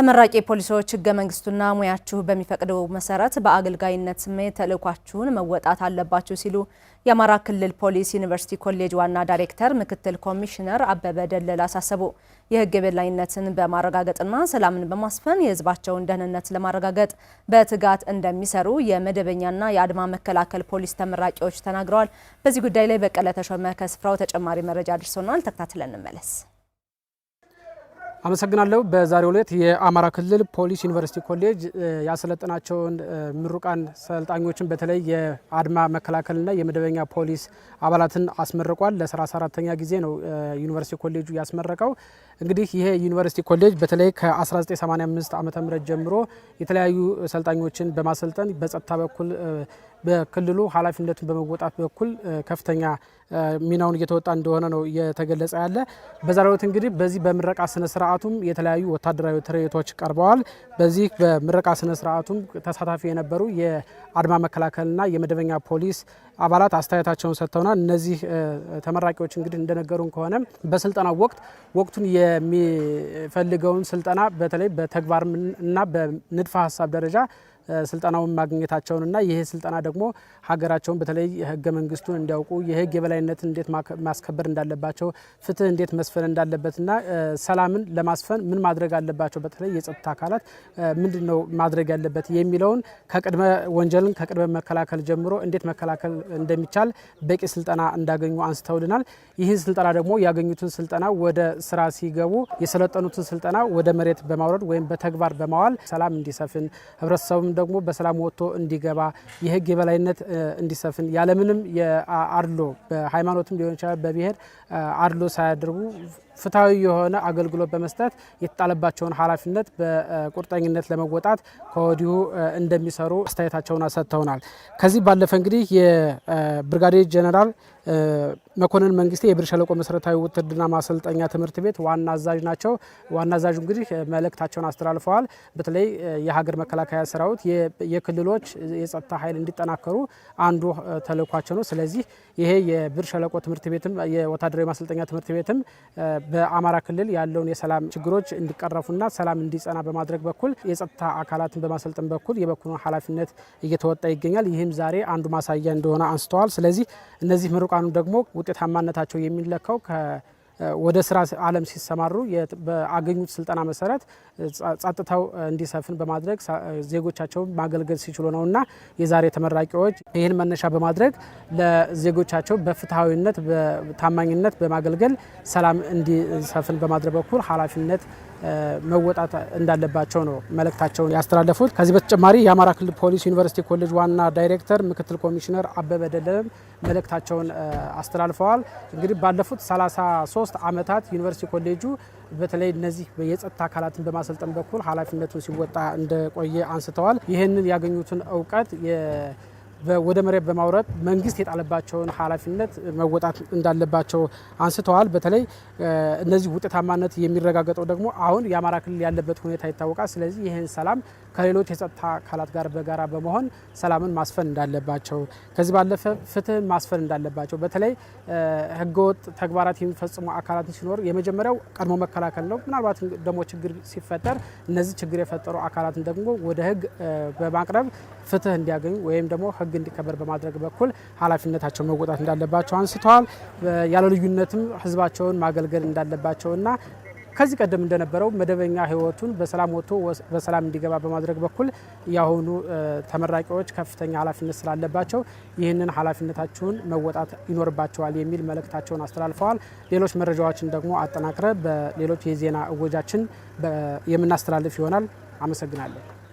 ተመራቂ ፖሊሶች ህገ መንግስቱና ሙያችሁ በሚፈቅደው መሰረት በአገልጋይነት ስሜት ተልኳችሁን መወጣት አለባችሁ ሲሉ የአማራ ክልል ፖሊስ ዩኒቨርሲቲ ኮሌጅ ዋና ዳይሬክተር ምክትል ኮሚሽነር አበበ ደለል አሳሰቡ። የህግ የበላይነትን በማረጋገጥና ሰላምን በማስፈን የህዝባቸውን ደህንነት ለማረጋገጥ በትጋት እንደሚሰሩ የመደበኛና የአድማ መከላከል ፖሊስ ተመራቂዎች ተናግረዋል። በዚህ ጉዳይ ላይ በቀለ ተሾመ ከስፍራው ተጨማሪ መረጃ አድርሶናል። ተከታትለን እንመለስ። አመሰግናለሁ። በዛሬው ዕለት የአማራ ክልል ፖሊስ ዩኒቨርሲቲ ኮሌጅ ያሰለጠናቸውን ምሩቃን ሰልጣኞችን በተለይ የአድማ መከላከልና የመደበኛ ፖሊስ አባላትን አስመርቋል። ለ34ተኛ ጊዜ ነው ዩኒቨርሲቲ ኮሌጁ ያስመረቀው። እንግዲህ ይሄ ዩኒቨርሲቲ ኮሌጅ በተለይ ከ1985 ዓ ም ጀምሮ የተለያዩ ሰልጣኞችን በማሰልጠን በጸጥታ በኩል በክልሉ ኃላፊነቱን በመወጣት በኩል ከፍተኛ ሚናውን እየተወጣ እንደሆነ ነው እየተገለጸ ያለ። በዛሬው ዕለት እንግዲህ በዚህ በምረቃ ስነ ስርዓቱም የተለያዩ ወታደራዊ ትርኢቶች ቀርበዋል። በዚህ በምረቃ ስነ ስርዓቱም ተሳታፊ የነበሩ የአድማ መከላከልና የመደበኛ ፖሊስ አባላት አስተያየታቸውን ሰጥተውናል። እነዚህ ተመራቂዎች እንግዲህ እንደነገሩን ከሆነ በስልጠናው ወቅት ወቅቱን የሚፈልገውን ስልጠና በተለይ በተግባርና በንድፈ ሀሳብ ደረጃ ስልጠናውን ማግኘታቸውንና ይህ ስልጠና ደግሞ ሀገራቸውን በተለይ ህገ መንግስቱን እንዲያውቁ የህግ የበላይነት እንዴት ማስከበር እንዳለባቸው፣ ፍትህ እንዴት መስፈን እንዳለበትና ሰላምን ለማስፈን ምን ማድረግ አለባቸው፣ በተለይ የጸጥታ አካላት ምንድን ነው ማድረግ ያለበት የሚለውን ከቅድመ ወንጀልን ከቅድመ መከላከል ጀምሮ እንዴት መከላከል እንደሚቻል በቂ ስልጠና እንዳገኙ አንስተውልናል። ይህን ስልጠና ደግሞ ያገኙትን ስልጠና ወደ ስራ ሲገቡ የሰለጠኑትን ስልጠና ወደ መሬት በማውረድ ወይም በተግባር በማዋል ሰላም እንዲሰፍን ህብረተሰቡም ደግሞ በሰላም ወጥቶ እንዲገባ የህግ የበላይነት እንዲሰፍን ያለምንም የአድሎ በሃይማኖትም ሊሆን ይችላል በብሔር አድሎ ሳያደርጉ ፍትሐዊ የሆነ አገልግሎት በመስጠት የተጣለባቸውን ኃላፊነት በቁርጠኝነት ለመወጣት ከወዲሁ እንደሚሰሩ አስተያየታቸውን ሰጥተውናል። ከዚህ ባለፈ እንግዲህ የብርጋዴር ጀነራል መኮንን መንግስቴ የብር ሸለቆ መሰረታዊ ውትድና ማሰልጠኛ ትምህርት ቤት ዋና አዛዥ ናቸው። ዋና አዛዡ እንግዲህ መልእክታቸውን አስተላልፈዋል። በተለይ የሀገር መከላከያ ሰራዊት የክልሎች የጸጥታ ኃይል እንዲጠናከሩ አንዱ ተልእኳቸው ነው። ስለዚህ ይሄ የብር ሸለቆ ትምህርት ቤትም የወታደ ወታደራዊ ማሰልጠኛ ትምህርት ቤትም በአማራ ክልል ያለውን የሰላም ችግሮች እንዲቀረፉና ሰላም እንዲጸና በማድረግ በኩል የጸጥታ አካላትን በማሰልጠን በኩል የበኩሉን ኃላፊነት እየተወጣ ይገኛል። ይህም ዛሬ አንዱ ማሳያ እንደሆነ አንስተዋል። ስለዚህ እነዚህ ምሩቃኑ ደግሞ ውጤታማነታቸው የሚለካው ወደ ስራ ዓለም ሲሰማሩ በአገኙት ስልጠና መሰረት ጸጥታው እንዲሰፍን በማድረግ ዜጎቻቸውን ማገልገል ሲችሉ ነው እና የዛሬ ተመራቂዎች ይህን መነሻ በማድረግ ለዜጎቻቸው በፍትሐዊነት፣ በታማኝነት በማገልገል ሰላም እንዲሰፍን በማድረግ በኩል ኃላፊነት መወጣት እንዳለባቸው ነው መልእክታቸውን ያስተላለፉት። ከዚህ በተጨማሪ የአማራ ክልል ፖሊስ ዩኒቨርሲቲ ኮሌጅ ዋና ዳይሬክተር ምክትል ኮሚሽነር አበበ ደለለም መልእክታቸውን አስተላልፈዋል። እንግዲህ ባለፉት 33 ዓመታት ዩኒቨርሲቲ ኮሌጁ በተለይ እነዚህ የጸጥታ አካላትን በማሰልጠን በኩል ኃላፊነቱን ሲወጣ እንደቆየ አንስተዋል። ይህንን ያገኙትን እውቀት ወደ መሬት በማውረድ መንግስት የጣለባቸውን ኃላፊነት መወጣት እንዳለባቸው አንስተዋል። በተለይ እነዚህ ውጤታማነት የሚረጋገጠው ደግሞ አሁን የአማራ ክልል ያለበት ሁኔታ ይታወቃል። ስለዚህ ይህን ሰላም ከሌሎች የጸጥታ አካላት ጋር በጋራ በመሆን ሰላምን ማስፈን እንዳለባቸው፣ ከዚህ ባለፈ ፍትህን ማስፈን እንዳለባቸው በተለይ ህገወጥ ተግባራት የሚፈጽሙ አካላት ሲኖር የመጀመሪያው ቀድሞ መከላከል ነው። ምናልባት ደግሞ ችግር ሲፈጠር እነዚህ ችግር የፈጠሩ አካላትን ደግሞ ወደ ህግ በማቅረብ ፍትህ እንዲያገኙ ወይም ደግሞ ህግ እንዲከበር በማድረግ በኩል ኃላፊነታቸው መወጣት እንዳለባቸው አንስተዋል። ያለ ልዩነትም ህዝባቸውን ማገልገል እንዳለባቸውና ከዚህ ቀደም እንደነበረው መደበኛ ህይወቱን በሰላም ወጥቶ በሰላም እንዲገባ በማድረግ በኩል ያሆኑ ተመራቂዎች ከፍተኛ ኃላፊነት ስላለባቸው ይህንን ኃላፊነታቸውን መወጣት ይኖርባቸዋል የሚል መልእክታቸውን አስተላልፈዋል። ሌሎች መረጃዎችን ደግሞ አጠናቅረ በሌሎች የዜና እወጃችን የምናስተላልፍ ይሆናል። አመሰግናለሁ።